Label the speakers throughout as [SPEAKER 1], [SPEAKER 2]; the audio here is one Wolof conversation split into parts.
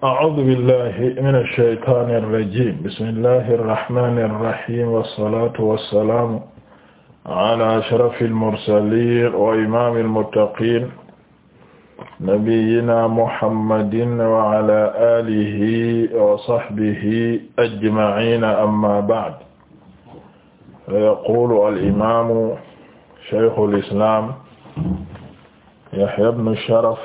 [SPEAKER 1] a'uuzu billaahi mina shaytaani rajiim bismillaahi rahmaani rahiim wassalaatu wassalaamu alaa ashrafil mursaliin wa imaamil muttaqiin nabiyyinaa muhammadin wa alaa aalihi wa sahbihi ajma'iin ammaa ba'd yaquulu al-imaamu shaykhul islaam yahyaa ibnu sharaf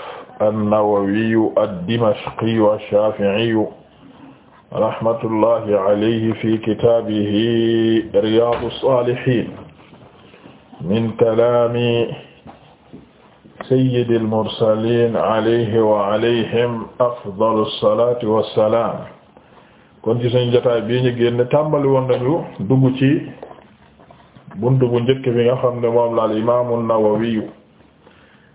[SPEAKER 1] an-Nawawiyu ad-Dimashqiyu ash-Shafi'iyu rahmatullahi alayhi fi kitaabihi Riyaadu s-Saalihiin min kalaami sayyidil mursaliin alayhi wa alayhim afdalu s-salaati wa s-salaam kon ci suñu jotaay bii ñu génn tàmbali woon nañu dugg ci buntu bu njëkk bi nga xam ne moom la al-Imaam an-Nawawiyu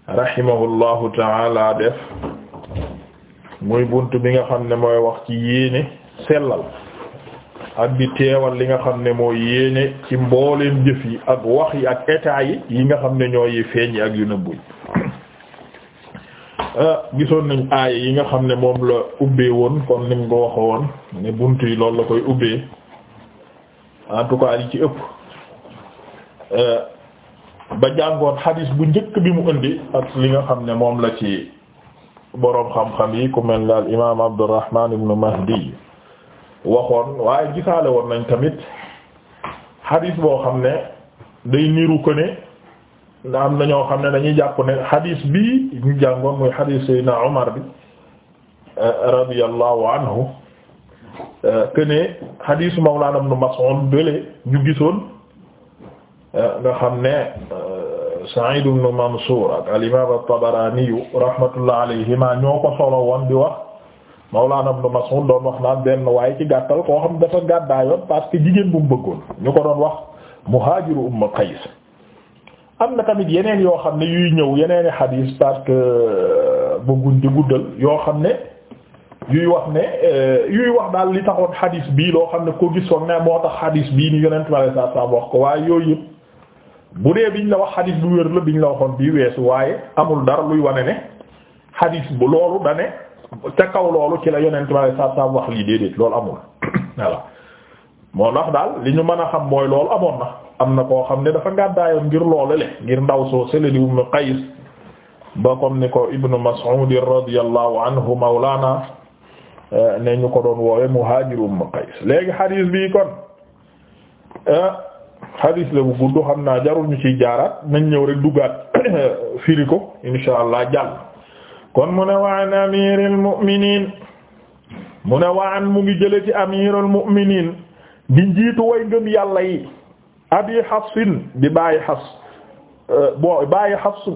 [SPEAKER 1] rahimahullahu taala def muy bunt bi nga xam ne mooy wax ci yéene sellal ak bi teewal li nga xam ne mooy yéene ci mbooleem jëf yi ak wax yi ak état yi yi nga xam ne ñoo yi feeñ yi ak yu nëbbu euh, gisoon nañ aaya yi nga xam ne moom la ubbee woon kon ni mu ko waxe woon ne bunt yi loolu la koy ubbee en tout cas li ci ëpp euh, ba jàngoon xadis bu njëkk bi mu indi ak li nga xam ne moom la ci boroom xam-xam yi ku mel ne al imaam Abdurrahman ibn Mahdi waxoon waaye gisaale woon nañ tamit xadis boo xam ne day niru ko ne na am na ñoo xam ne dañuy jàpp ne xadis bi ñu jàngoon muy xadis Seydina Omar bi eh, radiyallahu anhu eh, que moom xadisu Mawlana ibn Mas'ud bële ñu gisoon. nga xam ne euh, Sa'id ibn Mansur ak al-imam at-Tabarani rahmatullah alayhima ñoo ko solo woon di wax Mawlana Ibn Mas'ud doon wax naan benn waaye ci gàttal koo xam dafa gàddaayoon parce que jigéen bu mu bëggoon ñu ko doon wax Muhaajiru Umm Qays am na tamit yeneen yoo xam ne yuy ñëw yeneen i xadiis parce que euh, bëgguñ di guddal yoo xam ne yuy wax ne euh, yuy wax daal li taxoon xadiis bii loo xam ne ko gisoon ne moo tax xadiis bii ni yonent bi sallallahu alayhi wasallam wax bu dee biñ la wax xadis bu wér la biñ la waxoon bii weesu waaye amul dara luy wane ne xadis bu loolu da ca kaw loolu ci la yonent ma saa saa wax lii déedéet loolu amul voilà moo tax daal li ñu mën a xam mooy loolu amoon na am na koo xam ne dafa gàddaayoon ngir loolu le ngir ndaw soo sële di Umm Qays ba comme ni ko Ibnu Mas'ud radiyallahu anhu mawlaana eh, ne ñu ko doon woowe Muhaajir Umm Qays léegi xadis bii kon eh, xadiis la bu xam naa jarul ñu ciy jaaraat nañ ñëw rek duggaat firi ko allah jàll kon mu ne waan amiril mu'minin mu ne waa mu ngi jële ci amirul mu'minin di njiitu way ngëm yàlla yi abi xafsin di bàyyi xas euh, bon bàyyi xas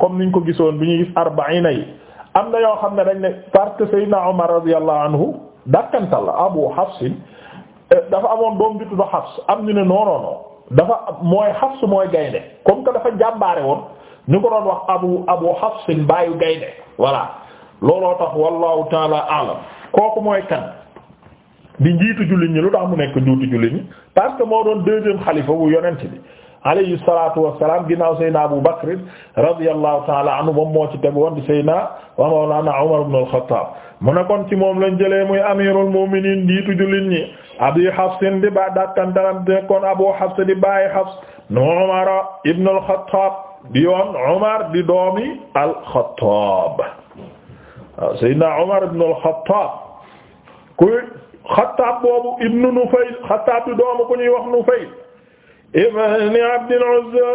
[SPEAKER 1] comme niñ ko gisoon bi ñuy gis arbaina am na yoo xam ne dañ ne parce que Seydina Omar radiyallahu anhu dakkantal abu xafsin Eh, dafa amoon doom ju tudd Hafs am ñu ne non non non dafa mooy Hafs mooy gaynde comme que dafa jàmbaare woon ñu ko doon wax abu abu Hafs baayu gaynde voilà looloo tax wallahu taala alam kooku mooy kan di njiitu jullit ñi lu tax mu nekk njiitu jullit ñi parce que moo doon deuxième xalifa bu yonent bi alayhi salaatu wassalaam ginnaaw Seydina Abu Bakr radiyallahu ta'ala anhu moom moo ci teg woon di Seydina wa mawlana Umar ibn al-Khattab mu ne kon ci moom lañ jëlee muy amirul mu'minin njiitu jullit ñi Abi Hafs di ba dakkantaram de kon Abu Hafs di bàyyi Hafs nu Umar ibn al-Khattab di yoon Umar di doomi al-Khattab Seydina Umar ibn al-Khattab ku Khattab boobu ibn Nufayl Khattab di doomu ku ñuy wax Nufayl ibn Abdul Uzza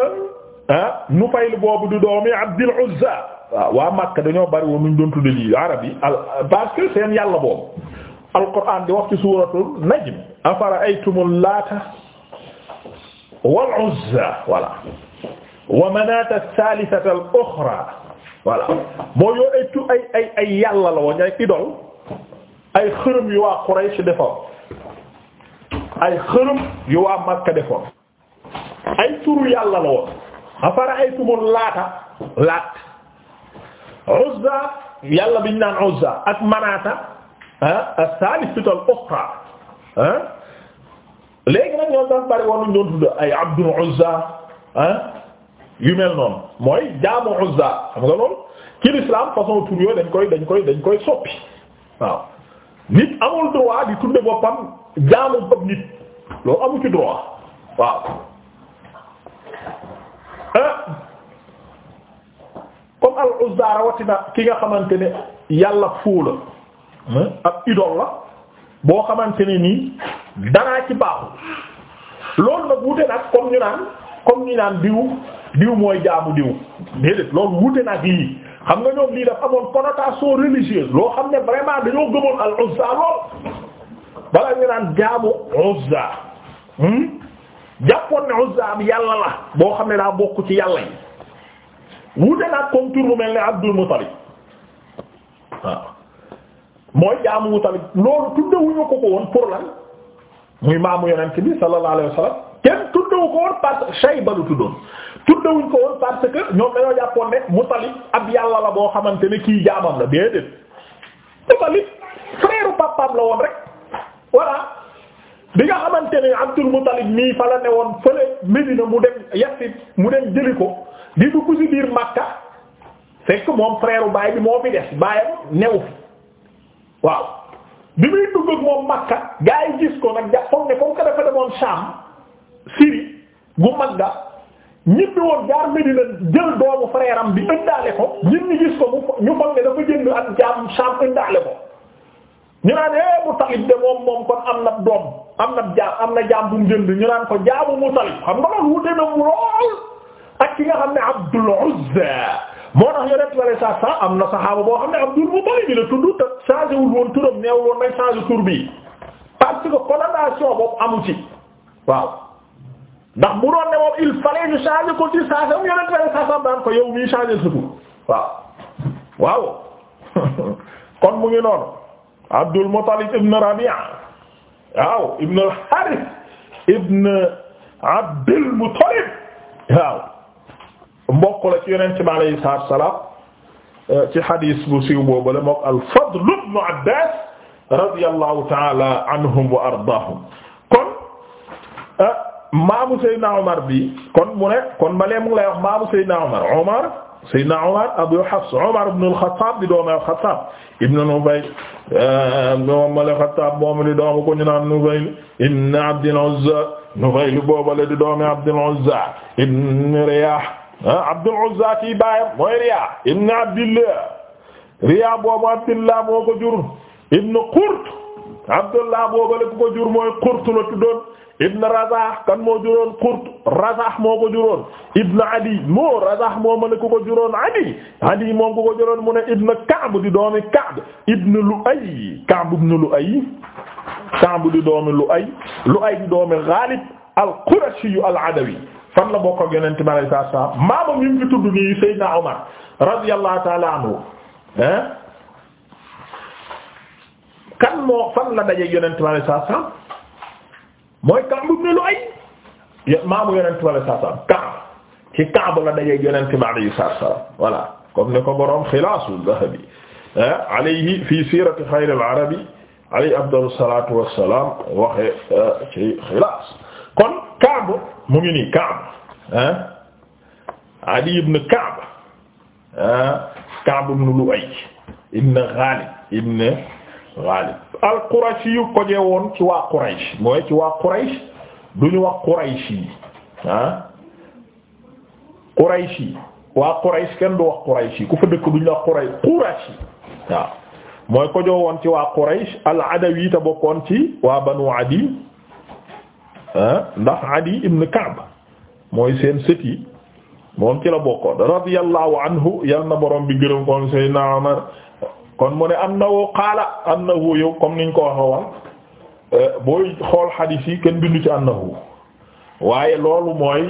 [SPEAKER 1] ah Nufayl boobu du doomi Abdul Uzza waaw waa Makka dañoo bari woon nuñ doon tudde lii arab yi parce que seen yàlla boobu alquran di wax ci suuratul najm afara'aytumul laata wal Uzza voilà wa manaata as-saalisata al-uxraa voilà moo yoo ay tu ay ay ay yàlla la woon ay idole ay xërëm yu waa Quraysh defoon ay xërëm yu waa Makka defoon ay turu yàlla la woon afara ay tumul laata laat uzza yàlla biñ naan uzza ak manaata ah as-saalisatu al-uxra ah léegi nag ñoom dafa bari woon ñu doon ay abdul uzza ah yu mel noonu mooy jaamu uzza xam nga loolu ci l'islam façon tur dañ koy dañ koy dañ koy soppi waaw nit amul droit di tudde boppam jaamu bopp nit loolu amu ci droit waaw. comme al uzza rawatina ki nga xamante ne yàlla fuula ak idole la boo xamante ne nii danaa ci baaxul loolu nag wute nag comme ñu naan comme ñu naan diw diw mooy jaamu diw déedéet loolu wute nag lii xam nga ñoom lii daf amoon connotation religieuse loo xam ne vraiment dañoo gëmoon al uzza lool bala ñu naan jaamu uzza hmm? jàppoon ne Uzza am yàlla la boo xam ne daa bokk ci yàlla yi wute naag comme tur mel ne Abdul Muttalib waaw mooy jaamu Muttalib loolu tuddewuñu ko ko woon pour lan muy maamu yonent bi sallallahu alayhi wa sallam kenn tuddewu ko woon parce que Shayba lu tuddoon tuddewuñ ko woon parce que ñoom dañoo jàppoon ne Muttalib ab yàlla la boo xamante ne kii jaamam la déedéet Muttalib frère papaam la woon rek voilà. bi nga xamante ne Abdul Muttalib nii fa la ne woon fële Medina mu dem Yasrib mu dem jëli ko di dugg ci biir Makka fekk moom frère baay bi moo fi des baayam newu fi waaw bi muy dugg moom Makka gaa yi gis ko nag jàppoon ne comme que dafa demoon Sham Syrie gu Makka ñibbi woon jaar Medina jël doomu frère am bi ëndaale ko ñun ñu gis ko mu ñu foog ne dafa jënd ak jaam Sham ëndaale ko. ñu naan eh Mutalib de moom moom kon am na doom am na jaam am na jaam bu jënd ñu naan ko jaamu Mutalib xam nga loolu wute na mu lool ak ki nga xam ne Abdul Uzza moo tax yore tubaab sa sa am na saxaaba boo xam ne Abdul Mutalib bi la tudd te changé wul woon turam neewul woon nañ changé tur bi parce que condamnation boobu amu ci waaw ndax bu doon ne moom il fallait ñu ko ci saa sa yore tubaab sa sa daan ko yow mii changé sa tur waaw waaw kon mu ngi noonu. Abdul Muttalib ibn Rabi'a waaw ibn al-Harith ibn Abdul Muttalib waaw mbokk la ci Yonent bi alayhi salaatu wa salaam eh, ci hadis bu siiw boobu la mook al-Fadl ibn Abbas radiyallahu ta'ala anhum wa ardaahum kon eh, maamu Seydina Omar bi kon mu ne kon ma leen mu ngi lay wax maamu Seydina Omar Omar Seydina Omar Abu Hafs Omar ibn al-Khattab di doomu al-Khattab ibn Nufayl moom eh, al-Khattab moom di doomu ko ñu naan Nufayl ibn Abd al-Uzza Nufayl boobale di doomu Abd al-Uzza ibn Riyah ah, Abd al-Uzza ci baayam mooy Riyah ibn Abdillah Riyah boobu Abdillah moo ko jur ibn Qurt abdullah boobale ku ko jur mooy Qurt la tuddoon ibn Razah kan moo juróon Qurt Razah moo ko juróon ibn Adi moo Razah moo ma ne ku ko juróon Adi Adi moom ibn Ka'b di doomi Ka'b ibn Lu'ay Ka'b di doomi Lu'ay Lu'ay di doomi Ghalib al-Qurashi al-Adawi fan la bokk ak Yonent bi sallallahu alayhi ta'ala anhu kan moo fan la dajeeg yonent bi sallallahu alayhi wasallam mooy Kaab ibn Lu'ay maamu yonent bi sallallahu alayhi wasallam Kaab ci Kaab la dajeeg yonent bi sallallahu alayhi wasallam voilà comme ni ko boroom Xilaasu Zahabi eh, alayhi fi siirati xayril arabi alayhi afdalu salaatu wassalaam waxe eh, ci Xilaas kon Kaab mu ngi nii Kaab ah eh, Adi ibn Kaab ah Kaab ibn Lu'ay ibn Ghalib ibn Ghalib al-Qurashi yu koje woon ci waa Quraysh mooy ci waa du duñu wax Quraysh yi ah Quraysh waa Quraysh kenn du wax Quraysh yi ku fa dëkk ñu wax Quraysh Quraysh yi waaw mooy kojoo woon ci waa Quraysh al-Adawi te bokkoon ci waa Banu Adi ah? ndax Adi ibn Ka'b mooy seen sët yi moom ci la bokkoon radiyallahu anhu yal na borom bi gërëm kon Seydina Umar kon mu ne am na woo am na woo yow comme niñ ko waxee woon eh, booy xool xadiis yi kenn bindu ci am na woo waaye loolu mooy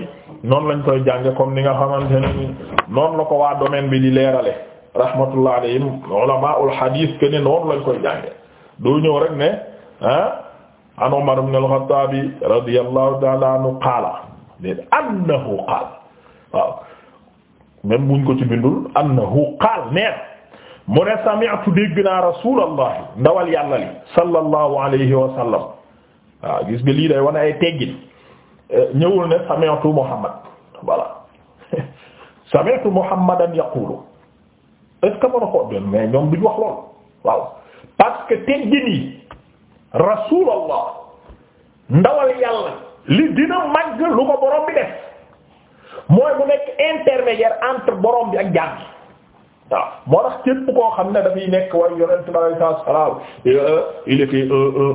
[SPEAKER 1] noonu lañ koy jànge comme ni nga xamante ne ni noonu la ko waa domaine bi di leerale rahmatullah alayhim ulamaul xadiis ke ne noonu lañ koy jànge doo ñëw rek ne ah an Umar ibn al-Khattab radiyallahu ta'ala anhu annahu qaala waaw même buñ ko ci bindul annahu qaala nee mu ne sami'tu dégg naa rasulallah ndawal yàlla li sallallahu alayhi wa sallam waaw gis nga lii day wane ay teggin ñëwul ne sami'tu muhammad voilà sami'tu yaqulu est-ce que ko doon mais ñoom duñ wax lool waaw parce que teggin ndawal yàlla li dina màgg lu ko bi def mooy mu nekk intermédiaire entre borom ak jaam waaw moo tax képp koo xam ne dafay nekk way yonent bi alayhi salaatu salaam eh,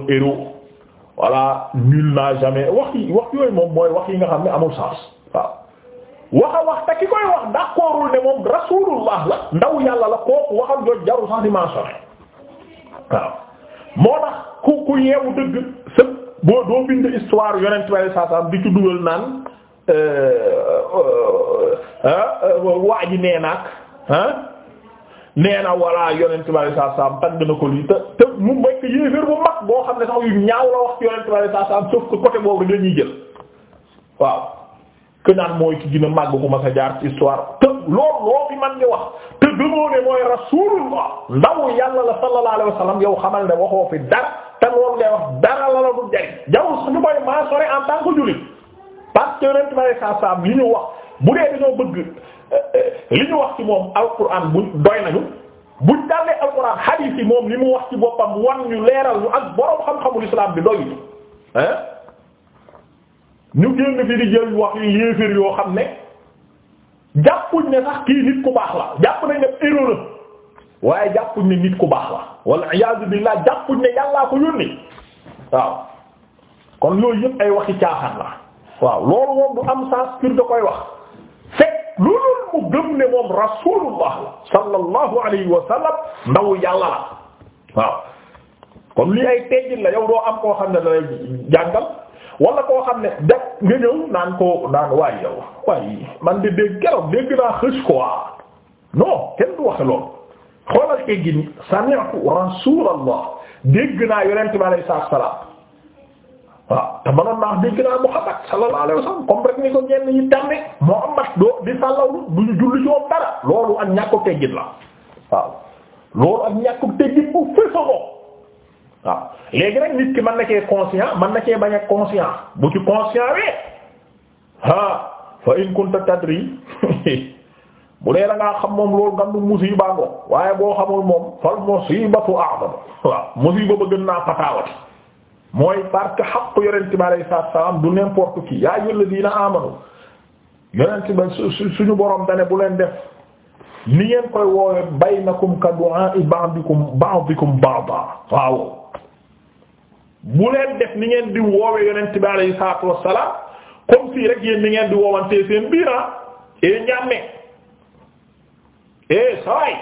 [SPEAKER 1] eh, nul n'a jamais wax yooyu moom mooy wax yi nga xam ne amul sens waaw wax a wax te ki koy wax d'accordul ne moom rasulullah la ndaw yàlla la kooku waxal jooju jarul sax di mentionné waaw waa ji nee naag nee na walla yonent bi alayhi salaam tagg na ko lii te te mu nekk yéeféer bu mag boo xam ne sax yu ñaaw la wax yonent bi alayhi salaam sauf que côté boobu rek la jël waaw que mooy ki gën a màgg ko ma sa jaar ci histoire te loolu loo fi man di wax te gëmoo ne mooy rasulullah ndaw yàlla la sallallahu alayhi yow xamal ne waxoo fi dara te loolu ngay wax dara la la du jariñ jaww suñu koy maa sore en tant que jullit yonent bi alayhi salaam li ñu wax. bu dee dañoo bëgg li ñu wax ci moom alquran bu doy nañu buñ dalee alquran hadith yi moom li mu wax ci boppam wan ñu leeral ñu ak borom xam-xamul islam bi doy ah ñu génn fi di jël wax yu yéeféer yoo xam ne jàppuñ ne sax kii nit ku baax la jàpp nañ ne héros la waaye jàppuñ ne nit ku baax la walla iyaazu billaah jàppuñ ne yàllaa ko yónni waaw kon loolu yëpp ay waxi caaxaan la waaw loolu moom du am sens pur da koy wax. lu dul mu gëm ne moom rasulullah la sallallahu alayhi wa sallam ndaw yàlla lii ay teggin la yow doo am koo xam ne da lay da nga ñëw ko naan waaye yow waaye man de dégg keroog dégg naa xës kenn du waxe loolu xoolal teggin sami'tu rasulullah dégg naa yonent bi alayhi salaam waaw te manoon naa wax dégg naa Muhammad sallallahu alayhi wasallam comme rek ni ko ñenn ñi tànne Muhammad doo di sàllawlu du ñu julli ci moom dara loolu ak ñàkku teggin la waaw loolu ak ñàkku teggin bu fësanoo waaw léegi nag nit ki ma na cee conscient mën na cee bañ a conscient bu ci conscient wee ah fa in kunta bu dee da ngaa xam moom loolu gandu musiba ngo waaye boo xamul moom fal musibatu a'zam waaw musiba ba gën naa pataawati mooy parce que xaqu yonente bi alayhi salaam du n'importe qui yaa ayyuha alladhina amanu yonente ba suñu boroom dane bu leen def ni ngeen koy woowe baynakum ka du'a'i ba'dikum ba'dikum ba'da waaw bu leen def ni ngeen di woowe yonente bi alayhi salaatu wassalaam comme si rek yéen ni ngeen di woowantee seen biir ah e ñàmme eh, saway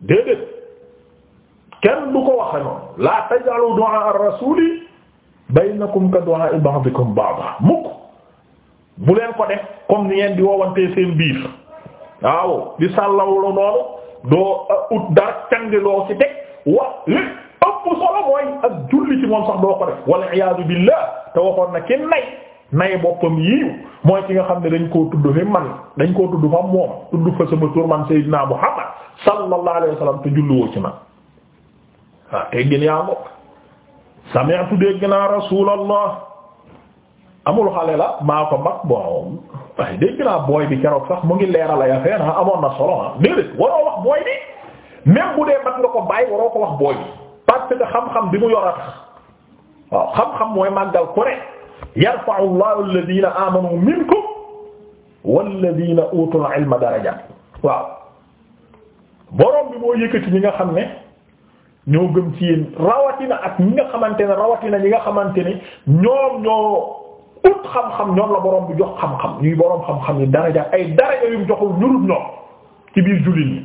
[SPEAKER 1] déedéet kenn du ko waxe noonu la taj'alu du'a ar-rasuli baynakum ka du'a ba'dikum ba'da mukk bu leen ko def comme ni ngeen di woowantee seen biir waaw di sàllawlu noonu doo uh, ut dara cangi loo ci teg wax li ëpp solo mooy ak julli ci moom sax doo ko def wal iyaadu billah te waxoon na ki nay nay boppam yiiw mooy ki nga xam ne dañ koo tudd fi man dañ koo tudd fa moom tudd fa sama tur man sayyidina Muhammad sallallahu alayhi wasallam te julliwoo ci man waaw teggin yaa mbokk sami'tu amul xale la maa ko mag bon waaye naa booy bi keroog sax mu ngi leeral ay affaire ah amoon na solo ah déedéet waroo booy bi même bu dee mag nga ko bàyyi waroo ko booy bi parce que xam-xam bi mu yor a xam-xam mooy màggal ku ne yarfa'u Allahu alladhina amanu minkum walladhina utul ilma darajat waaw moo yëkkati ñi nga xam ne. ñoo gëm ci yéen rawatina ak ñi nga xamante ne rawatina ñi nga xamante ni ñoom ñoo ut xam-xam ñoom la borom bu jox xam-xam ñuy borom xam-xam yi daraja ay daraja yu mu joxul ñurut ñoom ci biir jullit ñi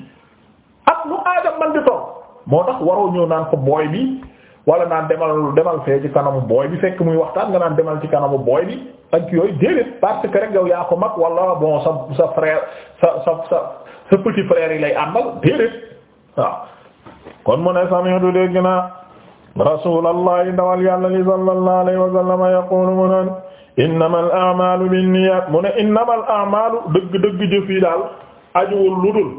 [SPEAKER 1] ak lu aadam man di toog moo tax waroo ñëw naan ko booy bi wala naan demal demal fee ci kanamu booy bi fekk muy waxtaan nga naan demal ci kanamu booy bi ak yooyu déedéet parce que rek yow yaa ko mag wala bon sa sa frère sa sa sa sa petit frère kon mu ne sami'tu dégg naa rasulallahi ndawal yàlla sallallahu yaqulu mu naan innamal a'malu binniyat mu ne innamal a'malu dëgg dëgg jëf yi daal ajuwul ludul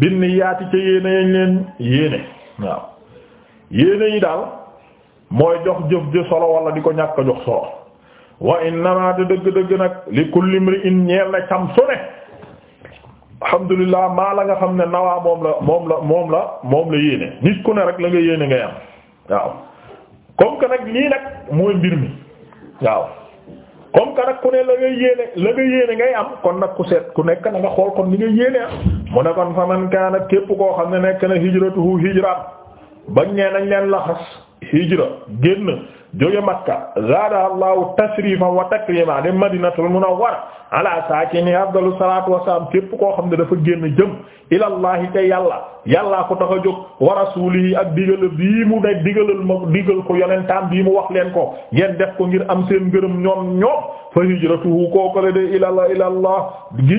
[SPEAKER 1] binniyaati ca yéene yañ leen yéene waaw yéene yi daal mooy jox jëf ji solo wala di ko ñàkk jox solo wa innama dëgg dëgg nag li kulli imri'in ñeel na cam ne alhamdulilah maa la nga xam ne nawaa moom la moom la moom la moom la yéene nit ku ne rek la nga yéene ngay am waaw comme que nag lii nag mooy mbir mi waaw comme que nag ku ne la nga yéene la nga yéene ngay am kon nag ku seet ku nekk na nga xool kon li nga yéene am mu ne kon faman kaana képp koo xam ne nekk na hijratuhu hijraam bañ nee nañ leen laxas hijra génn jóge Makka zaada allahu tashrifan wa takrima de madinatul munawwara ala saakini afdalu salaatu wasalaam képp koo xam ne dafa génn jëm ilallahi te yàlla yàllaa ko tax a jóg wa rasuulihi ak digal bii mu ne digalal ma digal ko yonentam bii mu wax leen ko ngeen def ko ngir am seen ngërëm ñoom ñoom fa hijratuhu kooku la de ilalla ilallah gi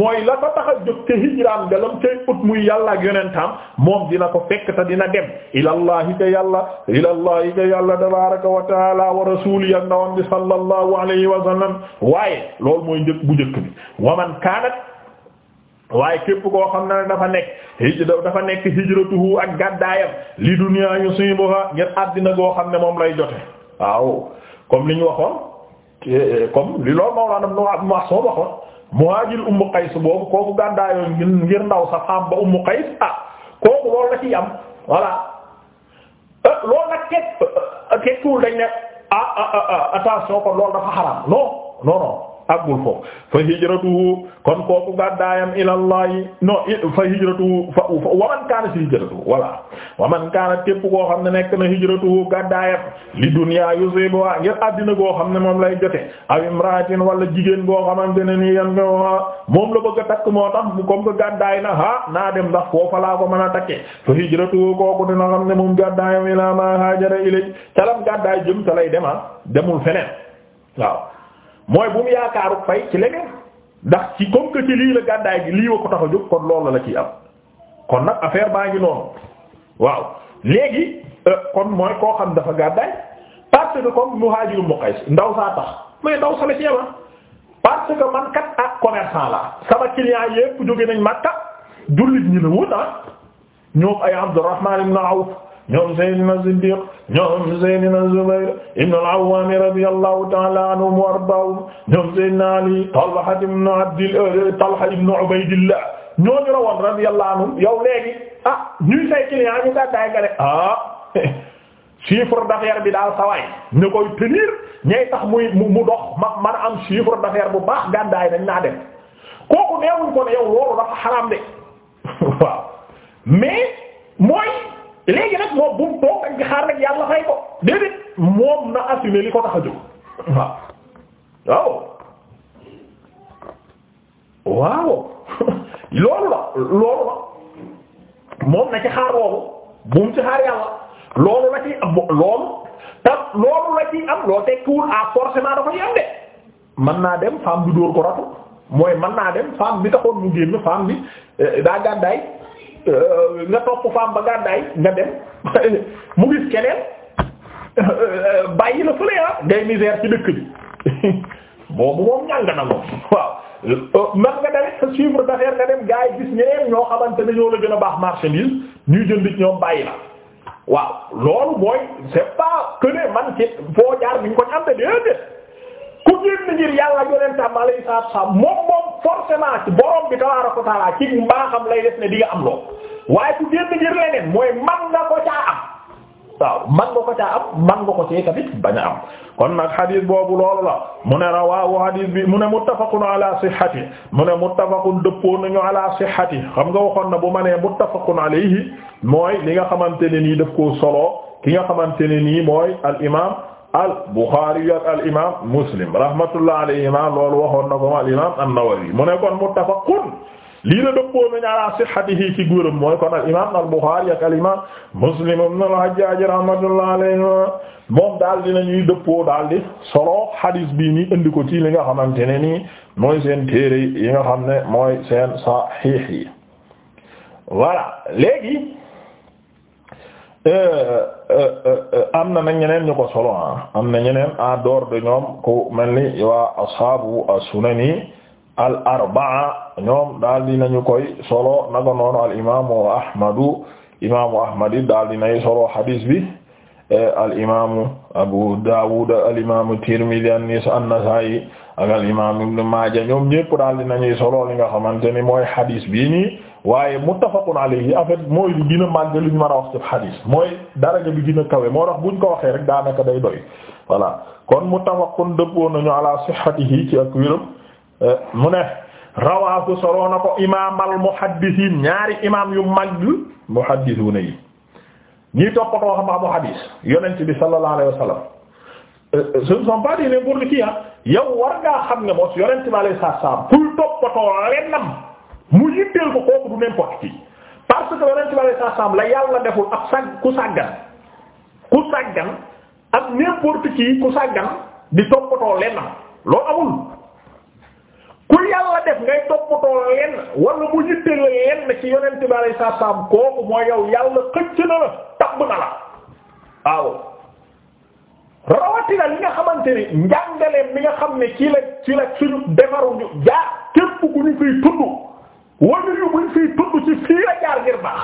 [SPEAKER 1] mooy la ko tax a jóg ca hijraam de lam cay ut muy yàlla ak moom dina ko fekk te dina dem ilallahi te yàlla ilallahi te yàlla tabaaraka wa taala wa rasuulihi ak ndawam loolu mooy njëkk bu njëkk bi waman kaanat waaye képp koo xam ne dafa nekk hij dafa nekk hijratuhu ak gàddaayam li duniyaa yusibuha ngir àddina goo xam ne moom lay jote waaw comme li ñu waxoon comme li loolu Mawlana Ibn Mas'ud waxoon muhajir Ummu Qays boobu kooku gàddaayoo ngir ndaw sa ah, kooku loolu am voilà euh, loolu nag képp képp dañ ne ah ah, ah, ah dafa xaraam non non àggul foofu fa hijratuhu kon kooku gàddaayam ilallahi no fa hijratuhu fa wa man kaanat hijratuhu voilà wa man képp koo xam ne nekk na hijratuhu gàddaayam li dunya yusibuha ngir àddina goo xam ne moom lay jote aw imraatin wala jigéen goo xamante ne nii yan nga moom la bëgg a takk moo tax bu comme gàddaay na ah naa dem ndax foofa laa ko man a takke fa hijratuhu kooku dina xam ne moom gàddaayam ila ma haajara ilay calam gàddaay jëm ta dema ah, demul feneen waaw mooy bu mu yaakaaru fay ci leneen ndax ci comme que ci lii la gàddaay gi lii wa ko tax a jóg kon loolu la ciy am kon nag affaire baa ngi noonu waaw léegi euh, kon mooy koo xam dafa gàddaay parce que comme muhaajiru muqays ndaw saa tax mais ndaw sa la ci yema parce que man kat ak commerçant la sama client yépp jóge nañ Makka jullit ñi la woon ah ñoom ay Abdurrahman ibn Awf ñoom Seydina Siddiq ñoom Seydina Zubayr ibn al-Awwam radiyallahu ta'ala anhum wa Ali Talha ibn Abdillah Talha ibn Ubaydillah ñooñu la woon radiyallahu anhum yow léegi ah, ñu gàddaay nga ah chiffre d'affaires bi daal sawaay ñu koy tenir ñay tax mu dox ma man am chiffre d'affaires bu baax gàddaay dañ naa def kooku neewuñ ko ne yow de waaw mooy léegi nag moom bu mu toog ak xaar nag yàlla fay ko déedéet moom na assumer li ko tax a jóg waaw waaw waaw loolu la loolu la moom na ci xaar boobu bu mu ci xaar yàlla loolu la ci am loolu te loolu la ci am loo tekkiwul à ah, forcément dafa ci am de mën naa dem femme bi dóor ko ratu mooy mën naa dem femme bi taxoon mu génn femme bi eh, daa gàddaay nga topp faam ba gàddaay nga dem mu gis keneen bàyyi la fële ah ngay misère ci dëkk bi boobu moom ñàng na moom waaw euh, man nga demit sa chiffre nga dem gars gis ñeneen ñoo xamante ne ñoo la gën a baax marchandise ñuy jëndit ñoom bàyyi la waaw loolu mooy c'est pas que man ci foo jaar bi ñu ko ñàmte déedéet ku génn ngir yàlla yonentam alayhi salaatu wa salaam moom moom forcément ci borom bi tabaaraka wa taala ci mbaaxam lay def ne di am lool waaye ku génn ngir leneen mooy man ko caa am waaw man nga ko caa am man nga ko cee tamit bañ a am kon nag xadis boobu loolu la mu ne rawaahu xadis bi mu ne muttafaqun ala sihhati mu ne muttafaqun dëppoo nañu ala sihhati xam nga waxoon na bu ma nee muttafaqun alayhi mooy li nga xamante ne nii daf koo solo ki nga xamante ne nii mooy al Buxaari ak al imaam Muslim rahmatullah alayhima loolu waxoon na al imaam an-Nawawi mu ne kon muttafaqun lii la dëppoo nañu ala sihhatihi ci góoram mooy kon al imaam al Buxaari ak al imaam Muslim ibn al-Hajjaj rahmatullah alayhima moom daal dina ñuy dëppoo daal di solo hadis bii nii indi ko ci li nga xamante ne nii mooy seen téere yi nga xam ne mooy seen saxiix yi voilà Euh, euh, euh, am na nag ñeneen ñu ko solo ah am na ñeneen en dehors de ñoom ku mel ni waa ashaabu as-sunani al arbaa ñoom daal di nañu koy solo naka noonu al imaamu ahmadu imaamu ahmadi daal di nay solo hadis bi eh, al imaamu abu daawud al imaamu tirmidi an-nasaa'i ak al imaamu maaja ñoom ñépp daal di nañuy solo li nga xamante ni mooy hadis bi nii. waaye muttafaqun alayhi en fait mooy li gën a lu ñu mën a wax ci xadiis mooy daraja bi gën a kawe moo tax buñ ko waxee rek daanaka day doy voilà kon muttafaqun dëppoo nañu ala sihhatihi ci ak wéram eh, mu ne rawaahu soloo na ko imaamal muhaddisiin ñaari imaam yu màgg muhaddisuuna yi ñiy toppatoo xam-xamu xadiis yonent bi sallallahu alayhi eh, eh, ah. xam yonent bi alayhi salaam kuy toppatoo lennam mu yitteel ko kooku du n'importe qui parce que yonent bi alayhi salaam la yàlla deful ab sag ku sàggan ku sàggan ak n'importe qui ku sàggan di toppatoo lenn loolu amul ku yàlla def ngay toppatoo lenn wala mu yitteel lenn ci yonent bi alayhi salaam kooku mooy yow yàlla xëcc na la tabb na la waaw rawatina li nga xamante ni njàngaleem mi nga xam ne ci la ci la suñu defaru jaar képp ku koy tudd. wala ñu buñ fiy tudd ci fii la jaar ngir baax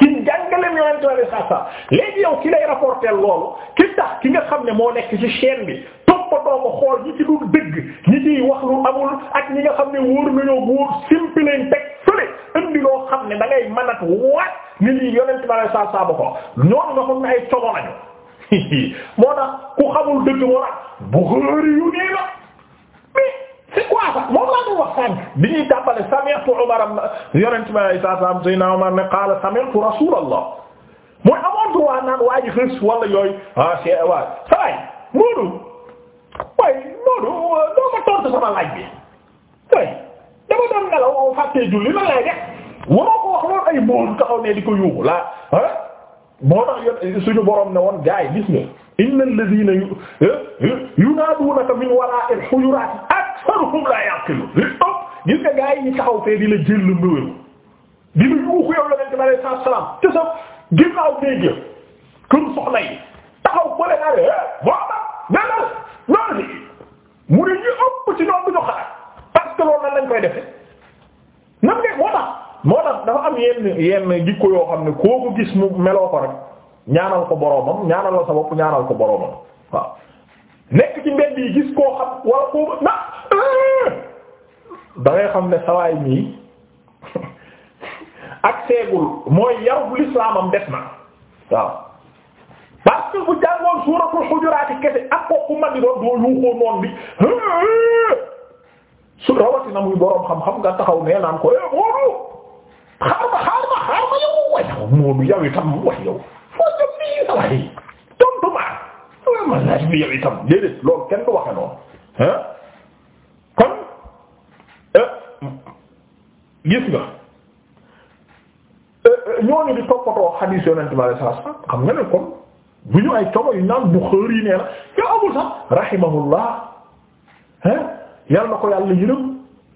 [SPEAKER 1] ci njàngaleem yonent bi alayhi salaatu salaam yow ki lay rapporter loolu ki tax ki nga xam ne moo nekk ci chaîne bi toppatoo ko xool ñi ci dul dëgg ñi ciy wax lu amul ak ñi nga xam ne wóor nañoo wóor simple teg fële indi loo xam ne da ngay mën a ni lii yonent bi alayhi salaatu salaam ko ñoom nga xam ne ay cogo lañu moo tax ku xamul dëgg moo tax Buxaari yu nee la. c'est quoi ça moom laa doon wax sànq bi ñuy tàmbale sami'tu Umar yonent bi alayhi salaam Seydina Umar ne qaala sami'tu Rasulallah mooy amoon droit naan waa ji xës wala yooyu ah c'est waaye saa yi Moodu waaye Moodu doo ma tontu sama laaj bi waaye dama doon nelaw fàttee julli lan lay def waroo ko wax loolu ay Moodu taxaw ne di ko yuuxu laa ah moo tax eh, suñu borom ne woon gars yi gis nga innal lazina eh, eh, yunaadunaka min wara'il hujuraat aksaruhum la yaqilun li gis nga gaa taxaw fee di la jël lu mbéwélu di la yuuxu yow la leen alayhi salaam te sa ginnaaw dégg kër yi taxaw ko leen aaree boo xam ne eh, loolu loolu moo tax moo tax dafa am yenn yenn jikko yoo xam ne koo ko gis mu meloo ko rek ñaanal ko boroomam ñaanal la sa bopp ñaanal ko boroomam waaw. nekk ci mbedd yi gis koo xam wala koo na ah! da xam ne sawaay mii ak seegul mooy yaru bu lislaamam des na waaw parce bu jàngoon suuratul xujuraati kese ak kooku man di doon doo yuuxoo noon bi ah! su rawatina muy boroom xam-xam nga taxaw nee naan ko eh xaar ma xaar ma xaar ma yow waaye yow Moodu yow itam wax yow foo jëm nii sawaay tontuma mazhab bi yow itam déedéet loolu kenn du waxe noonu ah kon euh, gis nga euh, euh, ñooñu di toppatoo xadiis yonent bi sallallahu alayhi wasallam xam nga ne kon bu ay tomo yu naan Buxaari nee na yow amul sax rahimahullah ah yal na ko yàlla yërëm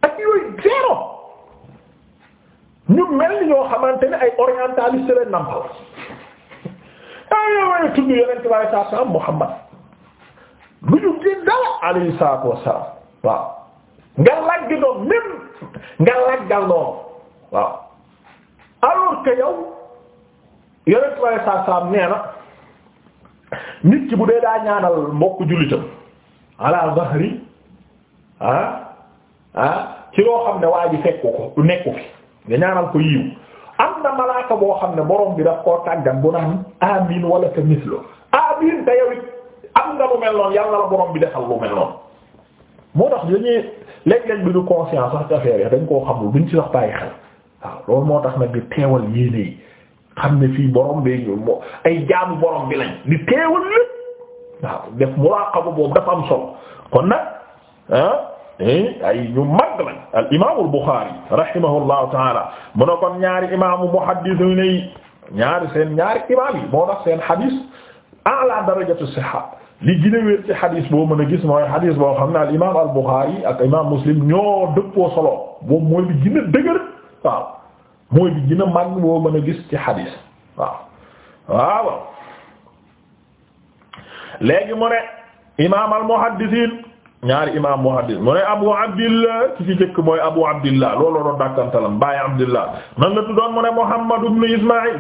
[SPEAKER 1] ak yooyu zéro ñu mel ni ñoo xamante ne ay orientaliste lañ nampal waaye waaye tudd yonent bi alayhi salaatu wassalaam Muhammad lu ñu gën dara alayhi salaatu wassalaam waaw nga lagg noonu même laggal noonu waaw alors yow yonent bi alayhi salaatu wassalaam nee na nit bu dee daa ñaanal mbokk jullitam ala zahri ah ah ci loo xam ne waa ji fekku ko nekku fi nga ñaanal ko yiw am na malaaka boo xam ne borom bi daf koo tàggat bu naan amin wala ka mislo amin te it am nga lu mel noonu yàlla la borom bi defal lu mel noonu moo tax dañuy léeg-léeg bi du conscience sax ci affaire yi dañ koo xamul duñ ci sax bàyyi xel waaw loolu moo tax nag di teewal yéene yi xam ne fii borom bee ñu moo ay jaamu borom bi lañ di teewal lépp waaw def muraqaba boobu dafa am solo kon nag ah Eh? ay ñu mag lañ al imaamu Buxaari rahimahullahu taala mu ne ñaari imaamu muhaddisuuna yi ñaari seen ñaari imaam yi seen xadis ala darajatu sihha li gën a wér xadis boo mën a gis mooy xadis boo xam ne al imaam al Buxaari Muslim ñoo dëppoo solo boobu mooy bi gën a mooy bi gën a mag boo mën a gis ci xadis waaw waaw mu ne imaam al ñaari imam muhaddis mu ne abu abdillah ci ci jëkk mooy abu abdillah looloo doon dàkkantalam baay abdillah nan la tuddoon mu ne muhammad ibn ismail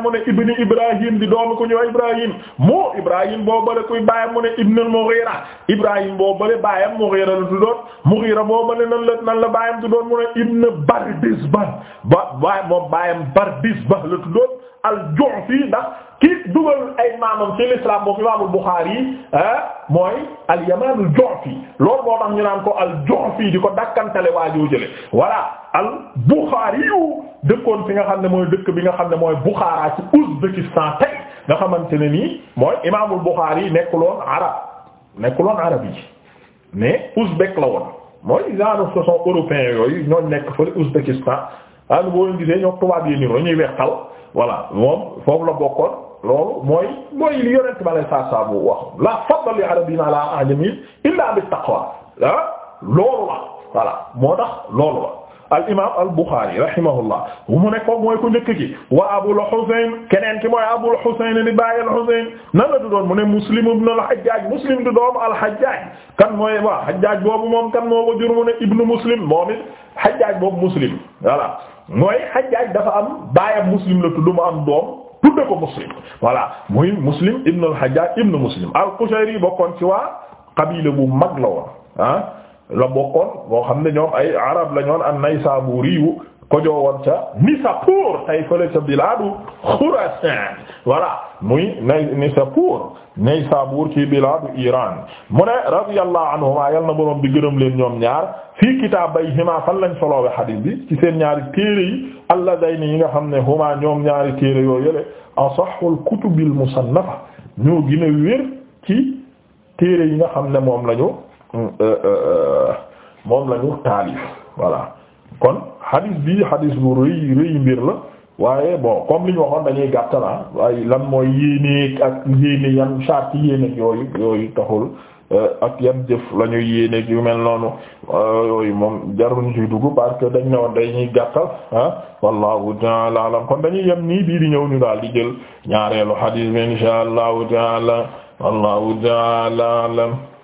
[SPEAKER 1] mu ne ibni ibrahim di doomi ku ñëw ibrahim moo ibrahim boobu bale kuy baay mu ne ibn al-mughira ibrahim boobu bale baayam mughira la tuddoon mughira boobu bale nan la nan la baayam tuddoon mu ba baay moom baayam bardisbah la tuddoon al-Ju'fi ndax ki dugal ay maamam ci l'islam moom imaamul Bukhari ah, mooy al-Yaman al-Ju'fi loolu moo tax ñu naan ko al-Ju'fi di ko dakkantale waajoo jële voilà al-Bukhari yu dëkkoon fi nga xam ne mooy dëkk bi nga xam ne mooy Bukhara ci Ouzbékistan tey nga xamante ne nii mooy imaamul Bukhari nekkuloon arab nekkuloon arab yi mais ouzbek la woon mooy genre ce sont européens yooyu ñoo nekk fële Ouzbékistan daal boo leen gisee ñoo tubaab yi nii ñuy weextal voilà moom foofu la bokkoon loolu mooy mooy li yonent ma lay saa saa bu wax la fadl li arabiyyin ala illa bit taqwa ah loolu la voilà moo tax al imaam al Buxaari rahimahullah mu ne ko mooy ku njëkk ki wa Abul Husayn keneen ki mooy Abul Husayn di bàyyi al Husayn nan la du doon mu ne Muslim ibn al Hajjaj Muslim di doomu al Hajjaj kan mooy waa Hajjaj boobu moom kan moo ko jur mu ne ibnu Muslim moom it Hajjaj boobu Muslim voilà mooy Hajjaj dafa am baayam Muslim la tudd mu am doom. tudde ko muslim voilà muy muslim ibn al-Hajjaj ibn muslim al-Qushayri bokkon ci waa qabila bu mag la woon ah la bokkoon boo xam ne ñoom ay arab la ñoon an Naysaburi yu ko joowoon ca Nisapur tay fële ca biladu Khurasan voilà muy nay Nisapur Naysabur ci biladu Iran mu ne radiyallahu anhuma yal na boroom bi gërëm leen ñoom ñaar fii kitaabayhima fan lañ soloowe hadith bi ci seen ñaari téere yi alladayni yi nga xam ne huma ñoom ñaari téere yoo yële asahhul kutubil musannafa ñoo gën wér ci téere yi nga xam ne moom lañu Euh, euh, euh, moom la ñu taalif voilà kon hadith bi hadith bu rëy rëy mbir la waaye bo comme li ñu waxoon dañuy gàttalaa ah, waaye lan mooy yéeneeg ak yéene yan charte yéeneeg yooyu yooyu taxul ak yan jëf la ñuy yu mel noonu yooyu moom jaruñu ci dugg parce que dañ ne woon dañuy gàttal ah, wallahu taala kon dañuy yem nii bii di ñëw ñu daal di jël ñaareelu hadith bi insha allahu taala wallahu taala alam